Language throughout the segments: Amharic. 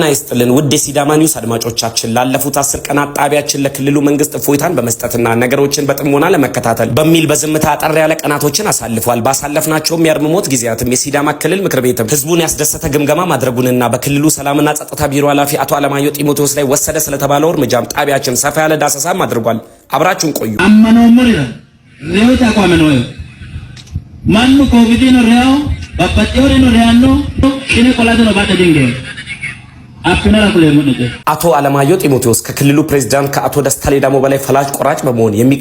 ጤና ይስጥልን ውድ የሲዳማ ኒውስ አድማጮቻችን፣ ላለፉት አስር ቀናት ጣቢያችን ለክልሉ መንግስት እፎይታን በመስጠትና ነገሮችን በጥሞና ለመከታተል በሚል በዝምታ አጠር ያለ ቀናቶችን አሳልፏል። ባሳለፍናቸውም የአርምሞት ጊዜያትም የሲዳማ ክልል ምክር ቤትም ህዝቡን ያስደሰተ ግምገማ ማድረጉንና በክልሉ ሰላምና ጸጥታ ቢሮ ኃላፊ አቶ አለማየሁ ጢሞቴዎስ ላይ ወሰደ ስለተባለው እርምጃም ጣቢያችን ሰፋ ያለ ዳሰሳም አድርጓል። አብራችሁን ቆዩ። ነው ማኑ ኮቪድ ነው ሪያው ባባጤ ነው ነው ሽኔ ቆላደ ነው ባደ ድንገ አቶ አለማየሁ ጢሞቴዎስ ከክልሉ ፕሬዝዳንት ከአቶ ደስታ ሌዳሞ በላይ ፈላጭ ቆራጭ በመሆን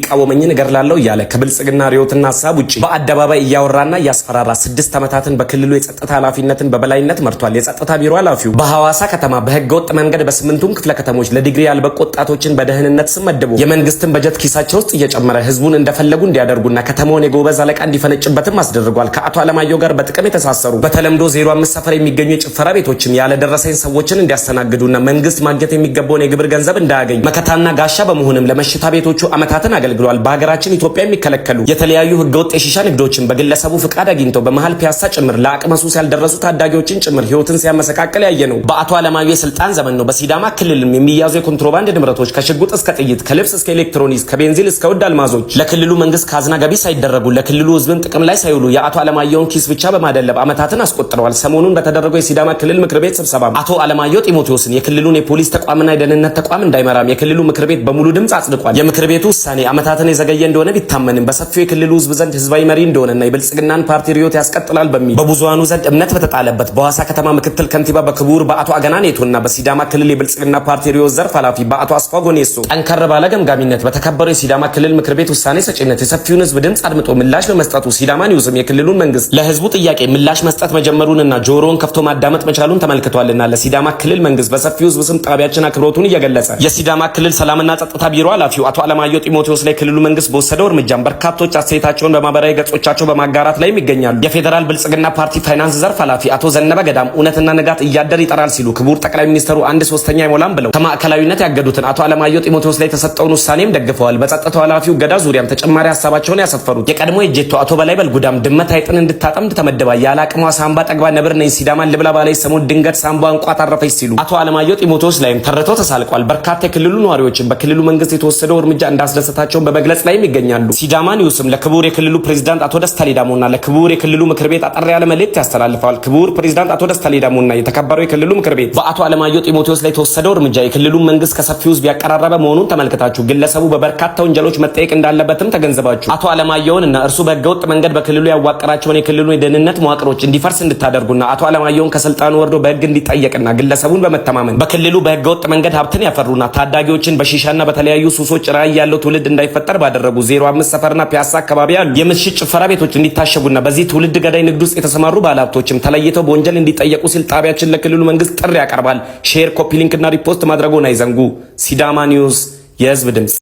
ነገር ላለው እያለ ከብልጽግና ርዕዮትና ሀሳብ ውጭ በአደባባይ እያወራና እያስፈራራ ስድስት ዓመታትን በክልሉ የጸጥታ ኃላፊነትን በበላይነት መርቷል። የጸጥታ ቢሮ ኃላፊው በሐዋሳ ከተማ በህገወጥ መንገድ በስምንቱም ክፍለ ከተሞች ለዲግሪ ያልበቁ ወጣቶችን በደህንነት ስም መድቦ የመንግስትን በጀት ኪሳቸው ውስጥ እየጨመረ ህዝቡን እንደፈለጉ እንዲያደርጉና ከተማውን የጎበዝ አለቃ እንዲፈነጭበትም አስደርጓል። ከአቶ አለማየሁ ጋር በጥቅም የተሳሰሩ በተለምዶ አምስት ሰፈር የሚገኙ የጭፈራ ቤቶችን ያለደረሰኝ ሰዎችን እንዲያስተናግዱና መንግስት ማግኘት የሚገባውን የግብር ገንዘብ እንዳያገኙ መከታና ጋሻ በመሆንም ለመሽታ ቤቶቹ ዓመታትን አገልግሏል። በሀገራችን ኢትዮጵያ የሚከለከሉ የተለያዩ ህገወጥ የሺሻ ንግዶችን በግለሰቡ ፍቃድ አግኝተው በመሀል ፒያሳ ጭምር ለአቅመ ሱስ ያልደረሱ ታዳጊዎችን ጭምር ህይወትን ሲያመሰቃቀል ያየ ነው። በአቶ አለማዊ የስልጣን ዘመን ነው በሲዳማ ክልልም የሚያዙ የኮንትሮባንድ ንብረቶች ከሽጉጥ እስከ ጥይት፣ ከልብስ እስከ ኤሌክትሮኒክስ፣ ከቤንዚል እስከ ውድ አልማዞች ለክልሉ መንግስት ካዝና ገቢ ሳይደረጉ ለክልሉ ህዝብን ጥቅም ላይ ሳይውሉ የአቶ አለማየሁን ኪስ ብቻ በማደለብ አመታትን አስቆጥረዋል። ሰሞኑን በተደረገው የሲዳማ ክልል ምክር ቤት ስብሰባ አቶ አለማየሁ ጢሞቴዎስን የክልሉን የፖሊስ ተቋምና የደህንነት ተቋም እንዳይመራም የክልሉ ምክር ቤት በሙሉ ድምፅ አጽድቋል። የምክር ቤቱ ውሳኔ ዓመታትን የዘገየ እንደሆነ ቢታመንም በሰፊው የክልሉ ህዝብ ዘንድ ህዝባዊ መሪ እንደሆነና የብልጽግናን ፓርቲ ርዕዮት ያስቀጥላል በሚል በብዙሃኑ ዘንድ እምነት በተጣለበት በሐዋሳ ከተማ ምክትል ከንቲባ በክቡር በአቶ አገና ኔቶና በሲዳማ ክልል የብልጽግና ፓርቲ ርዕዮት ዘርፍ ኃላፊ በአቶ አስፋ ጎኔሶ ጠንከር ባለ ገምጋሚነት በተከበረው የሲዳማ ክልል ምክር ቤት ውሳኔ ሰጪነት የሰፊውን ህዝብ ድምፅ አድምጦ ምላሽ በመስጠቱ ሲዳማ ኒውስም የክልሉን መንግስት ለህዝቡ ጥያቄ ምላሽ መስጠት መጀመሩንና ጆሮውን ከፍቶ ማዳመጥ መቻሉን ተመልክቷልና ለሲዳማ ክልል ክልል መንግስት በሰፊው ህዝብ ስም ጣቢያችን አክብሮቱን እየገለጸ የሲዳማ ክልል ሰላምና ጸጥታ ቢሮ ኃላፊው አቶ አለማየሁ ጢሞቴዎስ ላይ ክልሉ መንግስት በወሰደው እርምጃም በርካቶች አስተያየታቸውን በማህበራዊ ገጾቻቸው በማጋራት ላይ ይገኛሉ። የፌዴራል ብልጽግና ፓርቲ ፋይናንስ ዘርፍ ኃላፊ አቶ ዘነበ ገዳም እውነትና ንጋት እያደር ይጠራል ሲሉ ክቡር ጠቅላይ ሚኒስትሩ አንድ ሶስተኛ አይሞላም ብለው ከማዕከላዊነት ያገዱትን አቶ አለማየሁ ጢሞቴዎስ ላይ የተሰጠውን ውሳኔም ደግፈዋል። በጸጥታው ኃላፊው ገዳ ዙሪያም ተጨማሪ ሀሳባቸውን ያሰፈሩት የቀድሞ የጄቶ አቶ በላይ በልጉዳም ድመት አይጥን እንድታጠምድ ተመድባ ያለ አቅሟ ሳምባ ጠግባ ነብር ነኝ ሲዳማን ልብላ ባላይ ሰሞን ድንገት ሳምባ እንቋ አረፈች ሲሉ አቶ አለማየሁ ጢሞቴዎስ ላይም ተረተው ተሳልቋል። በርካታ የክልሉ ነዋሪዎችን በክልሉ መንግስት የተወሰደው እርምጃ እንዳስደሰታቸውን በመግለጽ ላይም ይገኛሉ። ሲዳማ ኒውስም ለክቡር የክልሉ ፕሬዚዳንት አቶ ደስታ ሌዳሞና ለክቡር የክልሉ ምክር ቤት አጠር ያለ መልእክት ያስተላልፈዋል። ክቡር ፕሬዚዳንት አቶ ደስታ ሌዳሞና የተከበረው የክልሉ ምክር ቤት በአቶ አለማየሁ ጢሞቴዎስ ላይ የተወሰደው እርምጃ የክልሉ መንግስት ከሰፊ ህዝብ ያቀራረበ መሆኑን ተመልክታችሁ ግለሰቡ በበርካታ ወንጀሎች መጠየቅ እንዳለበትም ተገንዝባችሁ አቶ አለማየሁን እና እርሱ በህገወጥ መንገድ በክልሉ ያዋቀራቸውን የክልሉ የደህንነት መዋቅሮች እንዲፈርስ እንድታደርጉና አቶ አለማየሁን ከስልጣኑ ወርዶ በህግ እንዲጠየቅና ግለሰቡ ቤተሰቡን በመተማመን በክልሉ በህገወጥ መንገድ ሀብትን ያፈሩና ታዳጊዎችን በሺሻና በተለያዩ ሱሶች ራዕይ ያለው ትውልድ እንዳይፈጠር ባደረጉ ዜሮ አምስት ሰፈርና ፒያሳ አካባቢ ያሉ የምሽት ጭፈራ ቤቶች እንዲታሸጉና በዚህ ትውልድ ገዳይ ንግድ ውስጥ የተሰማሩ ባለሀብቶችም ተለይተው በወንጀል እንዲጠየቁ ሲል ጣቢያችን ለክልሉ መንግስት ጥሪ ያቀርባል። ሼር፣ ኮፒ ሊንክና እና ሪፖስት ማድረጉን አይዘንጉ። ሲዳማ ኒውስ የህዝብ ድምፅ